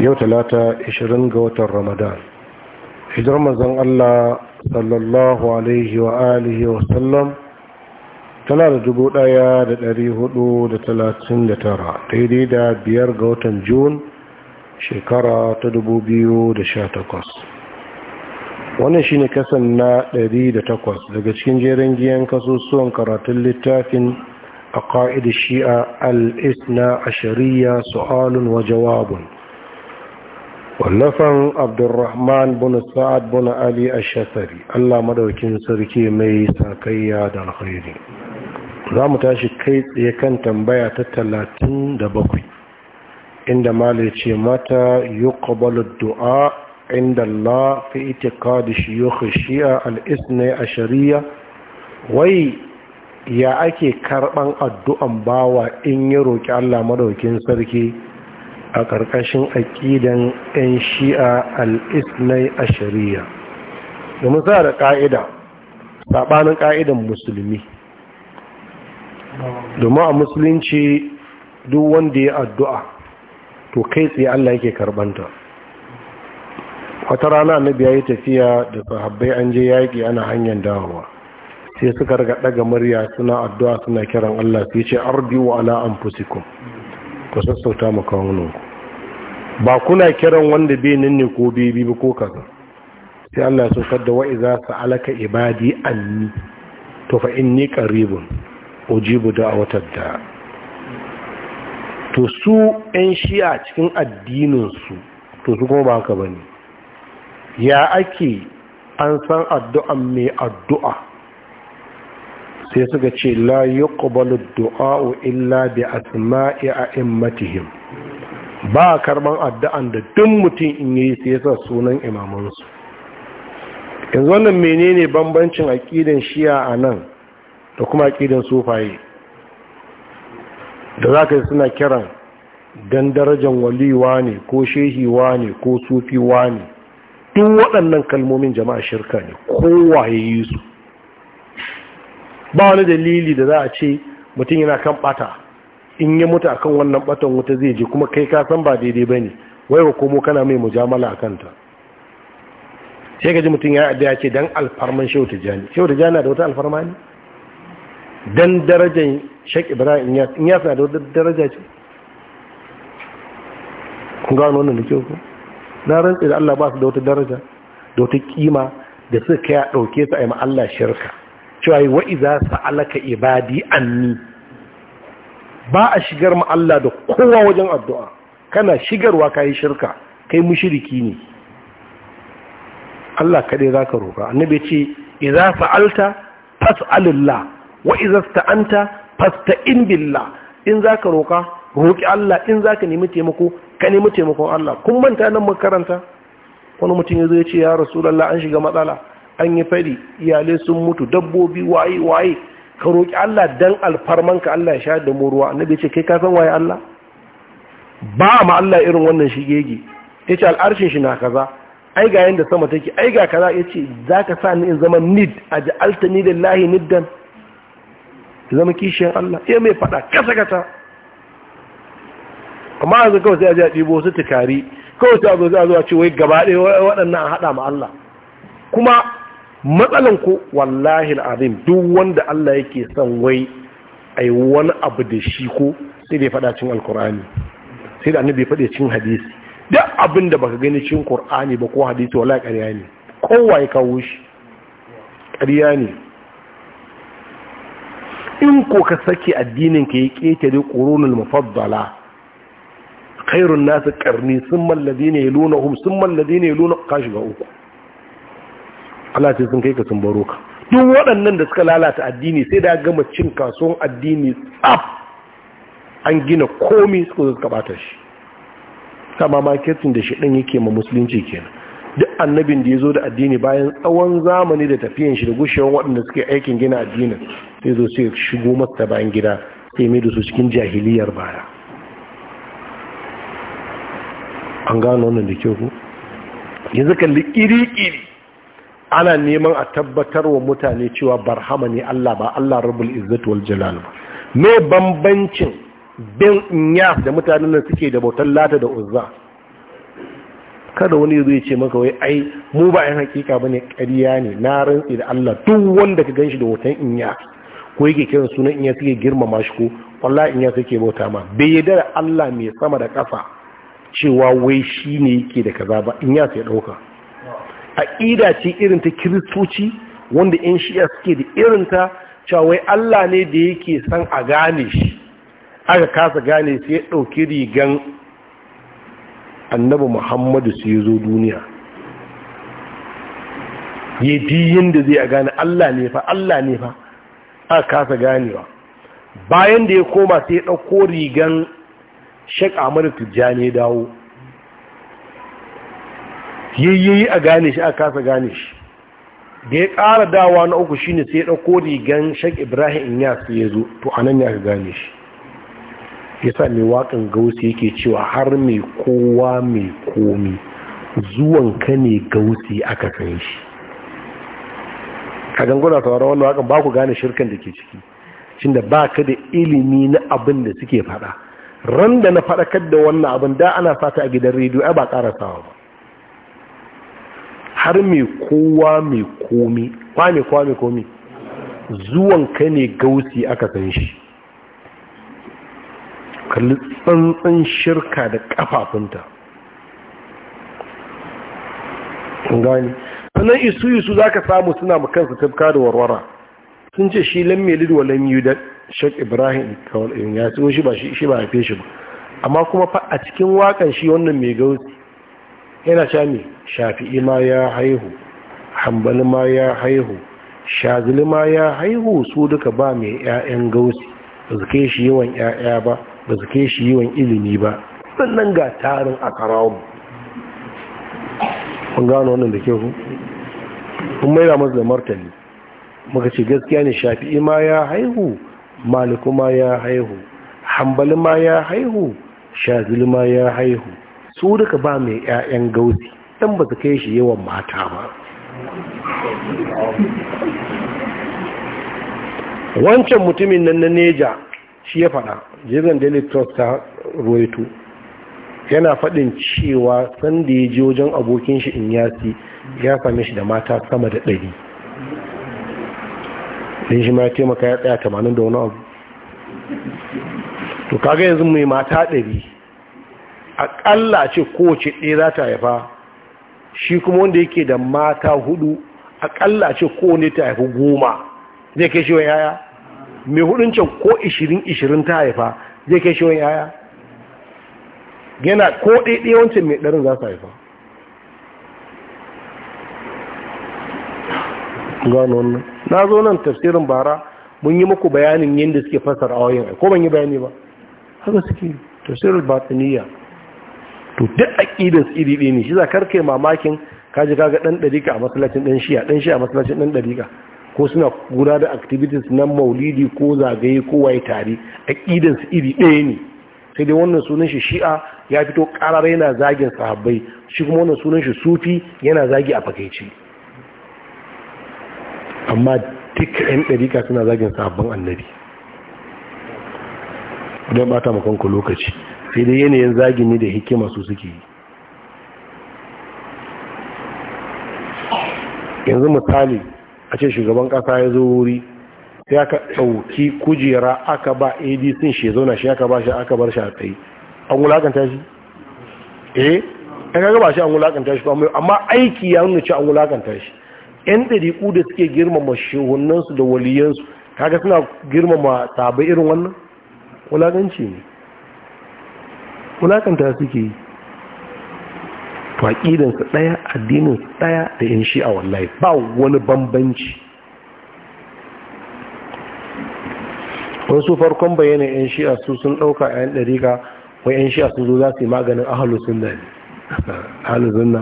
yau talata 20 ga watan ramadan hijirar manzon Allah sallallahu alaihi wa alihi wa sallam tana da dubu daya da dari hudu da talatin da tara daidai da biyar ga watan jun shekara ta dubu biyu da sha takwas wannan shi ne kasan na dari da takwas daga cikin jerin giyan kasusuwan karatun littafin a ƙa'id shi'a al-isna a shari'a su'alun wa jawabun wallafan abdurrahman bin sa'ad bin ali ash-shafari Allah madaukin sarki mai sakayya da alkhairi za mu tashi kai tsaye kan tambaya ta talatin da bakwai inda malai ce mata yuqbalu du'a inda Allah fi itiqad shuyukh shi'a al-ithna ashariya wai ya ake karban addu'an bawa in ya roki Allah madaukin sarki a ƙarƙashin aƙidan 'yan shi'a al'isnai a shari'a domin za da ƙa'ida saɓanin ƙa'idan musulmi domin a musulunci duk wanda ya addu'a to kai tsaye Allah yake karɓanta wata rana annabi ya yi tafiya da sahabbai an je yaƙi ana hanyar dawowa sai suka riga ɗaga murya suna addu'a suna kiran Allah sai ce arbi wa ala ku sassauta mu ku ba kuna kiran wanda bai nan ne ko bibi ba ko kaza sai Allah ya saukar da wa'iza alaka ibadi anni to fa inni qaribun ujibu da'watad da to su ɗan shi'a cikin addinin su to su kuma ba haka bane ya ake an san addu'an mai addu'a sai suka ce la ƙubalu du'a'u illa bi asma'i a matihim ba a karɓar addu'an da duk mutum in yi sai sa sunan imamansu yanzu wannan menene bambancin shiya a nan da kuma aqidan sufaye da za ka yi suna kiran don darajar waliwa ne ko shehiwa ne ko sufiwa ne duk waɗannan kalmomin jama'a shirka ne kowa ya yi su ba wani dalili da za a ce mutum yana kan bata in ya mutu akan wannan batan wuta zai je kuma kai ka san ba daidai bane wai wa komo kana mai mujamala a kanta sai gaji mutum ya da ya ce don alfarman shehu tijani shehu na da wata alfarma ne don darajar shek ibrahim in ya da wata daraja ce kun gano wannan da kyau ko na rantsi da Allah ba su da wata daraja da wata kima da suka kai a dauke su a yi ma Allah shirka cewa wa iza sa'alaka ibadi anni ba a shigar ma Allah da kowa wajen addu'a kana shigarwa kai shirka kai mushriki ne Allah kadai zaka roka annabi ce idza sa'alta fas'alillah wa anta ista'anta fasta'in billah in zaka roka roki Allah in zaka nemi taimako ka nemi taimakon Allah kun manta nan makaranta wani mutum ya zo ya ce ya rasulullah an shiga matsala an yi fari iyalai sun mutu dabbobi waye waye ka roƙi Allah dan alfarmanka Allah ya sha da mu annabi ce kai ka san waye Allah ba ma Allah irin wannan shigege yace al'arshin shi na kaza ai ga yanda sama take ai ga kaza yace zaka sa ni in zama nid aj'altani lillahi niddan zama kishiyar Allah ya mai fada kasa kasa amma yanzu kawai sai a ji a ɗibo su tukari kawai sai a zo a ce wai gaba ɗaya waɗannan a haɗa ma Allah kuma matsalan ku wallahi azim duk wanda Allah yake son wai ai wani abu da shi ko sai bai faɗa cin alkur'ani sai da annabi faɗe cin hadisi duk abin da baka gani cin qur'ani ba ko hadisi wallahi ƙarya ne kowa ya kawo shi ƙarya ne in ko ka saki addinin ka ya ƙetare qurunul mufaddala khairun nas ƙarni sun ladina ne ya luna hum sun mallazi ne ya luna kashi ga uku Allah sai sun kai ka sun baro ka duk waɗannan da suka lalata addini sai da gama cin kasuwan addini tsaf an gina komi suka zo suka bata shi ma marketing da shi ɗan yake ma musulunci kenan duk annabin da ya zo da addini bayan tsawon zamani da tafiyan shi da gushewan waɗanda suke aikin gina addinin sai zo sai shigo masa bayan gida sai mai da su cikin jahiliyar baya an gano wannan da kyau ku yanzu kalli iri-iri ana neman a tabbatar wa mutane cewa barhama ne Allah ba Allah rabul izzat wal jalal ba me bambancin bin inya da mutanen da suke da bautar lata da uzza kada wani zai ce maka wai ai mu ba yan hakika bane ƙarya ne na rantsi da Allah duk wanda ka ganshi da hoton inya ko yake kiran sunan inya suke girmama shi ko wallahi inya suke bauta ma bai yarda Allah mai sama da kafa cewa wai shine yake da kaza ba inya sai dauka aƙida ce irin ta kiristoci wanda 'yan shi'a suke da irinta cewa Allah ne da yake san a gane shi aka kasa gane su ya ɗauki rigan annabi muhammadu su ya zo duniya ya fi zai a gane Allah ne fa Allah ne fa aka kasa ganewa bayan da ya koma sai ya ɗauko rigan shek Ahmadu tijjani dawo yayyayi a gane shi a kasa gane shi da ya ƙara dawa na uku shi ne sai ya ɗauko rigan shak ibrahim ya su ya zo to a nan ya gane shi ya sa mai waƙin gausi yake cewa har mai kowa mai komi zuwan ka ne gausi aka san shi kagan guda sauran wani waƙin ba ku gane shirkan da ke ciki shi da ba ka da ilimi na abin da suke faɗa ran da na faɗakar da wannan abin da ana sata a gidan rediyo ai ba ƙarasawa ba har mai kowa mai komi kwa mai mai komi zuwan ka ne gausi aka san shi kalli tsantsan shirka da kafafunta gani sannan isu isu za ka samu suna makansu tafka da warwara sun ce shi lamme mai lidwa lam yi da shak ibrahim kawal eh, ya tsohon shi ba shi ba fi shi ba amma kuma fa a cikin wakan shi wannan mai gausi yana sha ne shafi'i ma ya haihu hambali ma ya haihu shazili ma ya haihu su duka ba mai 'ya'yan gausi ba su kai shi yawan 'ya'ya ba ba su kai shi yawan ilimi ba sannan ga tarin a karawun kun gano wannan da ke ku kun da masu da martani muka ce gaskiya ne shafi'i ma ya haihu maliku ma ya haihu hambali ma ya haihu shazili ma ya haihu su duka ba mai 'ya'yan gauzi, dan ba su kai shi yawan mata ba wancan mutumin nan na neja shi ya faɗa jirgin daily trust ta roito yana faɗin cewa sanda ya ji wajen abokin shi in yasi ya same shi da mata sama da ɗari ɗin shi ma ya taimaka ya tsaya tamanin da wani abu to kaga yanzu mai mata ɗari aƙalla a ce kowace ɗaya za ta haifa shi kuma wanda yake da mata hudu aƙalla a ce kowane ta haifa goma zai kai shiwon yaya mai hudun can ko ishirin ishirin ta haifa zai kai shiwon yaya yana ko ɗaya wancan mai ɗarin za su haifa gano wannan na zo nan tafsirin bara mun yi muku bayanin yadda suke fasar a wayan ko ban yi bayani ba haka suke tafsirin batiniya to duk aqidan iri ɗaya ne shi za yi mamakin kaji kaga ɗan ɗarika a masallacin dan shiya dan shiya a masallacin dan dariƙa ko suna kura da activities na maulidi ko zagaye ko waye tare aqidan su iri ɗaya ne sai dai wannan sunan shi shi'a ya fito karar yana zagin sahabbai shi kuma wannan sunan shi sufi yana zagi a fakaici amma duk ɗan ɗarika suna zagin sahabban annabi don ta makonku lokaci sai dai yanayin zagini da hikima su suke yi yanzu misali a ce shugaban kasa ya zo wuri sai aka ɗauki kujera aka ba adc shi zauna shi aka ba shi aka bar shi a tsaye an wulakanta shi eh ya kaga ba shi an wulakanta shi amma aiki ya nuna ci an wulakanta shi yan ɗariƙu da suke girmama shehunansu da waliyansu kaga suna girmama tabi irin wannan wulakanci ne wulakanta suke yi to ɗaya addininsu ɗaya da yan shi'a wallahi ba wani bambanci wasu farkon bayyana yan shi'a su sun ɗauka a yan ɗarika wai yan shi'a su zo za su yi maganin ahalusun na ne ahalusun na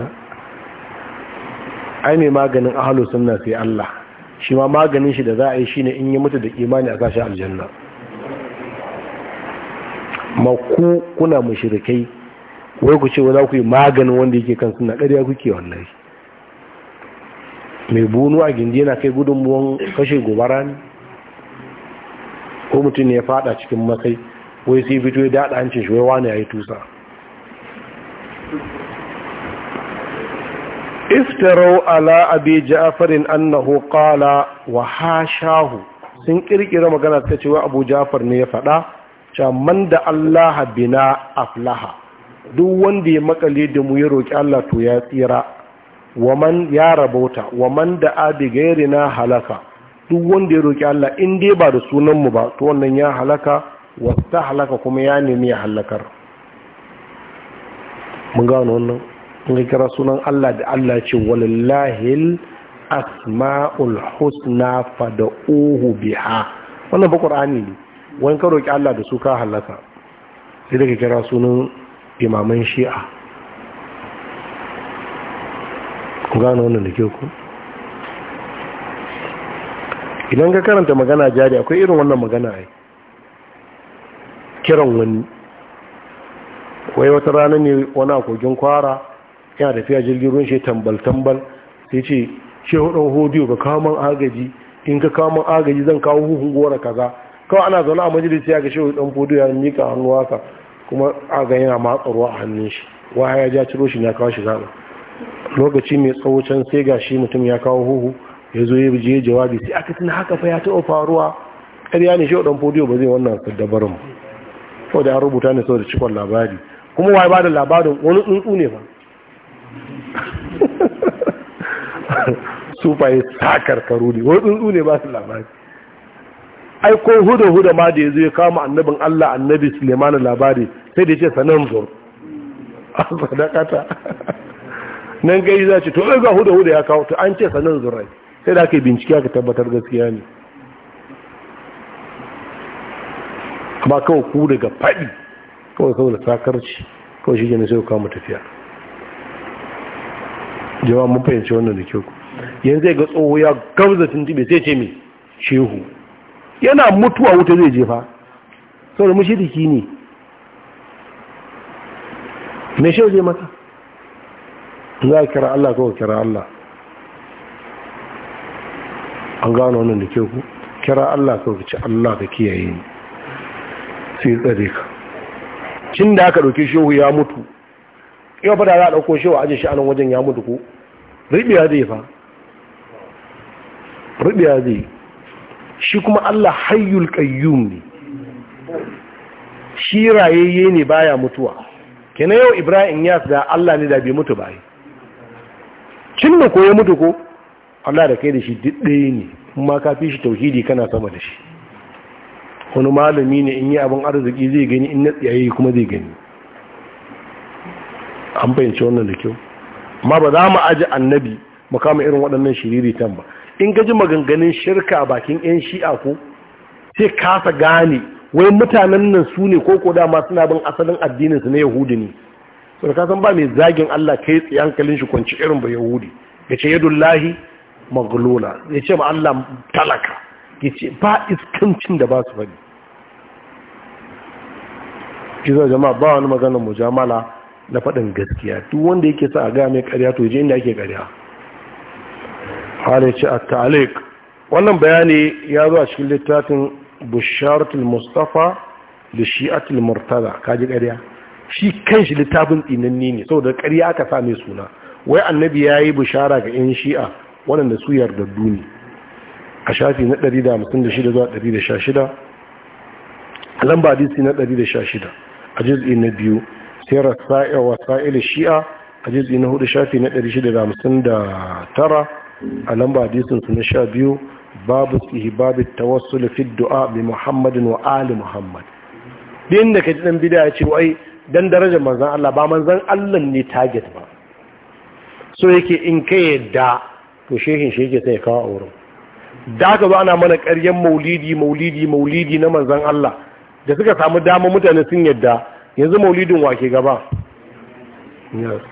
ai mai maganin ahalusun sunna sai Allah shi ma maganin shi da za a yi shi ne in yi mutu da imani a kashi aljanna ma ku kuna mashirikai wai ku ce wa za ku yi maganin wanda yake kan suna ƙarya kuke wallahi mai bunu a gindi yana kai gudunmuwan kashe gobara ne ko mutum ne ya fada cikin matsayi wai sai fito ya daɗa hancin shi wai wani ya yi tusa iftarau ala abi ja'farin annahu qala wa hashahu sun kirkira magana ta cewa abu ja'far ne ya faɗa. caman da Allah bina aflaha duk wanda ya makale da mu ya roƙi Allah to ya tsira wa man ya rabauta wa man da abi gairina halaka duk wanda ya roƙi Allah in dai ba da sunanmu ba to wannan ya halaka wa ta halaka kuma ya nemi ya halakar mun gano wannan in ga kira sunan Allah da Allah ce walillahil asma'ul husna fad'uhu biha wannan ba qur'ani ne wani ka roƙi Allah da su ka halaka sai daga kira sunan imaman shi'a ku gano wannan da ke ku idan ka karanta magana jari akwai irin wannan magana ai kiran wani wai wata rana ne wani kogin kwara yana tafiya jirgin ruwan shi tambal-tambal sai ce shi hodiyo ka kawo man agaji in ka kawo agaji zan kawo huhun gora kaza kawai ana zaune a majalisi ya ga shehu dan fudu ya mika hannu haka kuma a ga yana matsarwa a hannun shi Wa ya ja ciro shi ya kawo shi zaba lokaci mai tsawo can sai ga shi mutum ya kawo huhu ya zo ya je jawabi sai aka tuna haka fa ya taɓa faruwa ƙarya ne shehu dan fodiyo ba zai wannan dabarin ba da an rubuta ne saboda cikon labari kuma wai ba da labarin wani tsuntsu ne ba sufaye sakarkaru ne wani tsuntsu ne ba su labari ai ko hudu ma da ya zo ya kama annabin Allah annabi Sulaiman labari sai da ya ce sanan zur sadakata nan gai za ce to ai ga hudu hudu ya kawo to an ce sanan zurai sai da aka bincike aka tabbatar gaskiya ne ba kawo ku daga faɗi kawai saboda sakarci kawai shi gina sai ku kama tafiya jama'a mun fahimci wannan da kyau yanzu ga tsoho ya gamza tuntube sai ce mai shehu yana mutuwa wuta zai jefa saboda diki ne me shi zai mata za a kira Allah kawai kira Allah an gano wannan da ke ku kira Allah kawai ci Allah ka kiyaye su sai tsare ka cin da aka ɗauki shehu ya mutu yau fada za a ɗauko shehu ajiye shi a wajen ya mutu ko ribiya zai fa ribiya zai shi kuma Allah hayyul qayyum ne shi rayayye ne baya mutuwa kenan yau Ibrahim ya da Allah ne da bai mutu ba cin da koyi mutu ko Allah da kai da shi duk ɗaya ne kuma ka fi shi tauhidi kana sama da shi wani malami ne in yi abin arziki zai gani in na tsiyayi kuma zai gani an fahimci wannan da kyau amma ba za mu aji annabi mu kama irin waɗannan shiriri tan ba in gaji maganganun shirka a bakin 'yan shi'a ko sai kasa gane wai mutanen nan su ne ko koda ma suna bin asalin addinin su na yahudi ne su da kasan ba mai zagin Allah kai tsaye hankalin shi kwanci irin ba yahudi ya ce yadullahi maglula ya ce ma Allah talaka ya ce ba iskancin da ba su bane jizo jama'a ba wani maganar mujamala na faɗin gaskiya duk wanda yake sa a ga mai karya, to je inda ake karya. hali ce a ta'alik wannan bayani ya zo a cikin littafin busharatul mustafa da shi'atul murtala kaji ƙarya shi kanshi littafin tsinanni ne saboda ƙarya aka sa mai suna wai annabi ya yi bushara ga 'yan shi'a waɗanda su yardaddu ne a shafi na 156 zuwa 116 a lamba disi na 116 a jiz'i na biyu sai rasa'i wa shi'a a jiz'i na hudu shafi na 659 a lamba hadisin su na sha biyu babu ihibabi tawassul fi du'a bi muhammadin wa ali muhammad din da kaji dan bid'a ce wai dan darajar manzon Allah ba manzon Allah ne target ba so yake in ka yadda to shehin shi yake sai kawo wurin. da ka ba ana mana ƙaryen maulidi maulidi maulidi na manzon Allah da suka samu dama mutane sun yadda yanzu maulidin wa ke gaba yes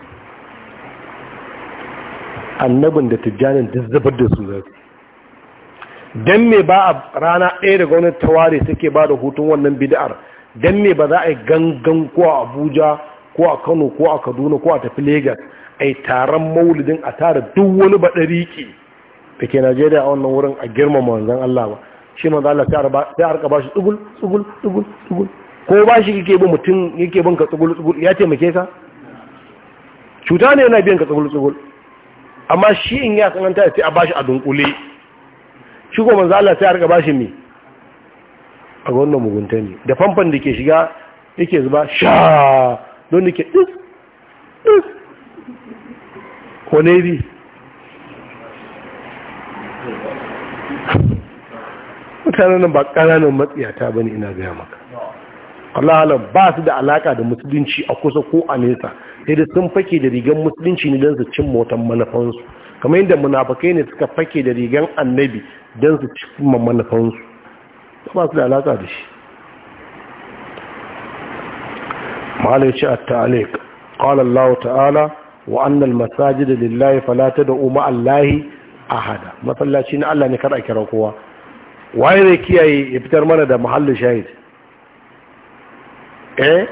annabin da tijjanin duk zubar da su zafi don me ba a rana ɗaya da gwamnati ta ware suke ba da hutun wannan bid'ar don me ba za a yi gangan ko a abuja ko a kano ko a kaduna ko a tafi Legas a yi taron maulidin a tara duk wani baɗariki da ke najeriya a wannan wurin a girmama wanzan allah ba shi manzo allah sai a rika ba shi tsugul tsugul tsugul tsugul ko ba shi yake bin mutum yake bin ka tsugul tsugul ya taimake ka cuta ne yana biyan ka tsugul tsugul amma shi in ya san ya sai a bashi a dunkule shi ko manzo Allah sai a riga bashi me a ga wannan mugunta ne da famfan da ke shiga yake zuba sha don da ke is is kone bi mutanen ba kananan matsiyata ba ne ina gaya maka kalahalan ba su da alaka da musulunci a kusa ko a nesa sai da sun fake da rigan musulunci ne don su cin motan manufansu kamar yadda munafakai ne suka fake da rigan annabi don su cimma manufansu ba su da alaka da shi malaici a ta'alik ƙwalar wa ta'ala wa annal masajid da lillahi falata da umar allahi hada, masallaci na allah ne kar a kira kowa waye zai kiyaye ya fitar mana da mahallin shahid eh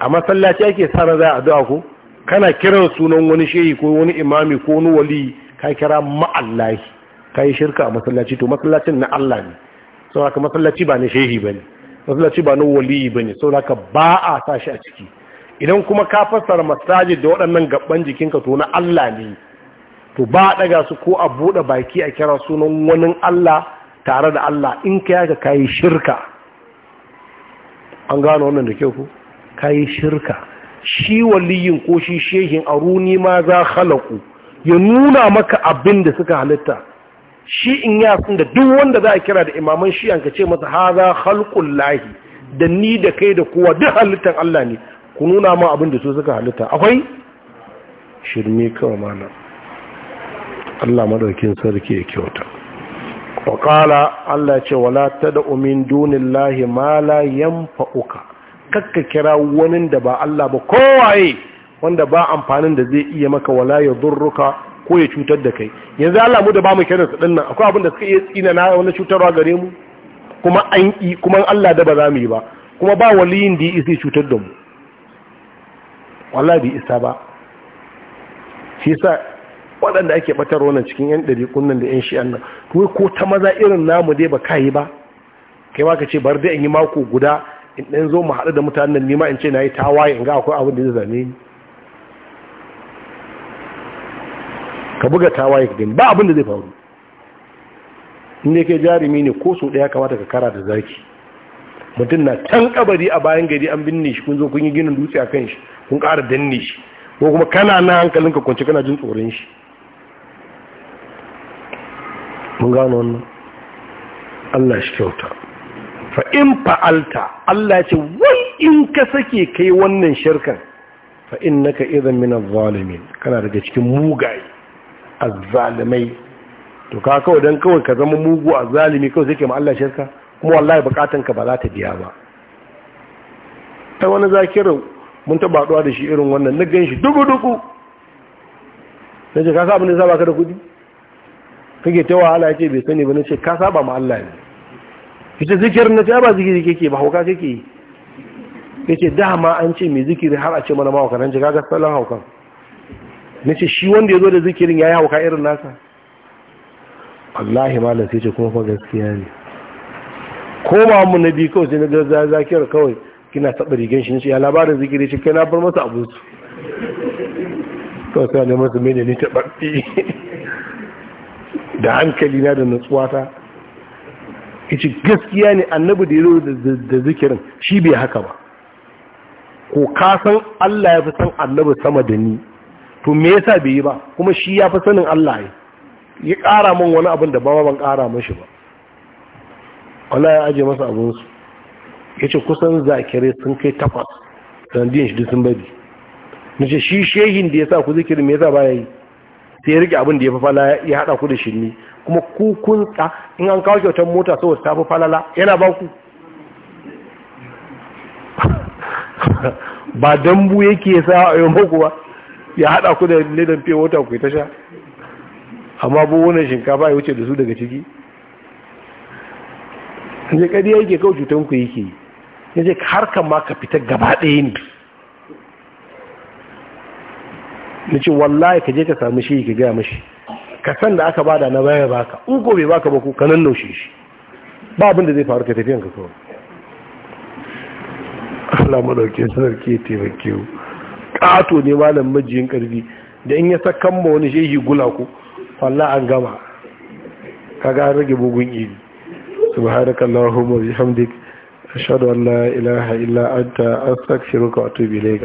a masallaci ake sana za a du'a ko kana kiran sunan wani shehi ko wani imami ko wani wali ka kira ma'allahi ka yi shirka a masallaci to masallacin na Allah ne sau haka masallaci ba na shehi ba masallaci ba na wali ba ne sau haka ba a sa shi a ciki idan kuma ka fassara masajid da waɗannan gaban jikinka to na Allah ne to ba a ɗaga su ko a buɗe baki a kira sunan wani Allah tare da Allah in ka yaka ka yi shirka an gano wannan da kyau ku kayi shirka shi waliyin ko shi shehin aruni ma za khalaku ya nuna maka abin da suka halitta shi in ya sun da duk wanda za a kira da imaman shi an ka ce masa haza halkun lahi da ni da kai da kowa duk halittan Allah ne ku nuna ma abin da su suka halitta akwai shirme kawai mana Allah madaukin sarki ya kyauta wa kala Allah ce wala ta min dunillahi ma la yanfa'uka kakka kira wani da ba Allah ba kowaye wanda ba amfanin da zai iya maka wala ya zurruka ko ya cutar da kai yanzu Allah mu da ba mu kira su dinnan akwai abin da suka iya tsina na wani cutarwa gare mu kuma an yi kuma Allah da ba za mu yi ba kuma ba waliyin da ya cutar da mu wallahi bai isa ba shi sa waɗanda ake batar wannan cikin yan ɗari kunnan da yan shi'an nan kuma ko ta maza irin namu dai ba ka yi ba kai ma ka ce bar dai in yi mako guda in ɗan zo mu haɗu da mutanen nan, nima in ce na yi tawaye in ga akwai abin da zai zame ni ka buga tawaye ka gani ba abin da zai faru in ne kai jarumi ne ko so ɗaya kamata ka kara da zaki mutum na can kabari a bayan gari an binne shi kun zo kun yi ginin dutse a kan shi kun ƙara danne shi ko kuma kana na hankalinka kwanci kana jin tsoron shi mun gano wannan Allah shi kyauta fa in fa'alta Allah ya ce wai in ka sake kai wannan shirkan fa innaka idan min az-zalimin kana daga cikin mugaye az-zalimai to ka kawai dan kawai ka zama mugu az-zalimi kawai sai ke ma Allah shirka kuma wallahi bukatun ka ba za ta biya ba ta wani zakirin mun taba da shi irin wannan na ganshi shi dugu dugu sai ka sa abin da ba ka da kudi kake ta wahala ya ce bai sani ba na ce ka saba ma Allah ne kace zikirin na ta ba zikiri kake ba hauka kake yi ce dama an ce mai zikiri har a ce mana ma haukan ji kaga sallan haukan na ce shi wanda ya zo da zikirin ya yi hauka irin nasa Wallahi malam sai ce kuma fa gaskiya ne ko ba mu na biyu sai na ga zakir kawai kina taba rigan shi ya labarin zikiri ce kai na bar masa abu su sai ne masa mene ne taɓaɓɓi da hankali na da natsuwata ita gaskiya ne annabi da yaro da zikirin shi bai haka ba ko ka san Allah ya fi san annabi sama da ni to me yasa bai yi ba kuma shi ya fi sanin Allah ya ya ƙara min wani abin da ba ban ƙara mashi ba Allah ya aje masa abinsu ya ce kusan zakirai sun kai takwas sanadiyan shi sun bari na ce shi shehin da ya sa ku zikirin me yasa ba ya yi sai ya rike abin da ya fi falala ya hada ku da shirni kuma ku kun in an kawo kyautar mota saboda ta fi falala yana ba ku ba dambu yake sa a yi muku ba ya hada ku da ledan fiye wata ku ta sha amma bu wannan shinkafa ya wuce da su daga ciki je kadi yake kawo cutan ku yake yace harkar ma ka fita gaba ɗaya ne na ce wallahi ka je ka sami shi ka gaya mashi ka san da aka bada na baya baka in ko bai baka ba ku ka nan naushe shi ba abin da zai faru ka tafiyan ka kawai Allah madauke sarki taimake ku kato ne malam majiyin karfi da in ya sakan ma wani shehi gula ku falla an gama kaga an rage bugun iri subhanakallahumma bihamdik ashhadu an la ilaha illa anta astaghfiruka wa atubu ilayk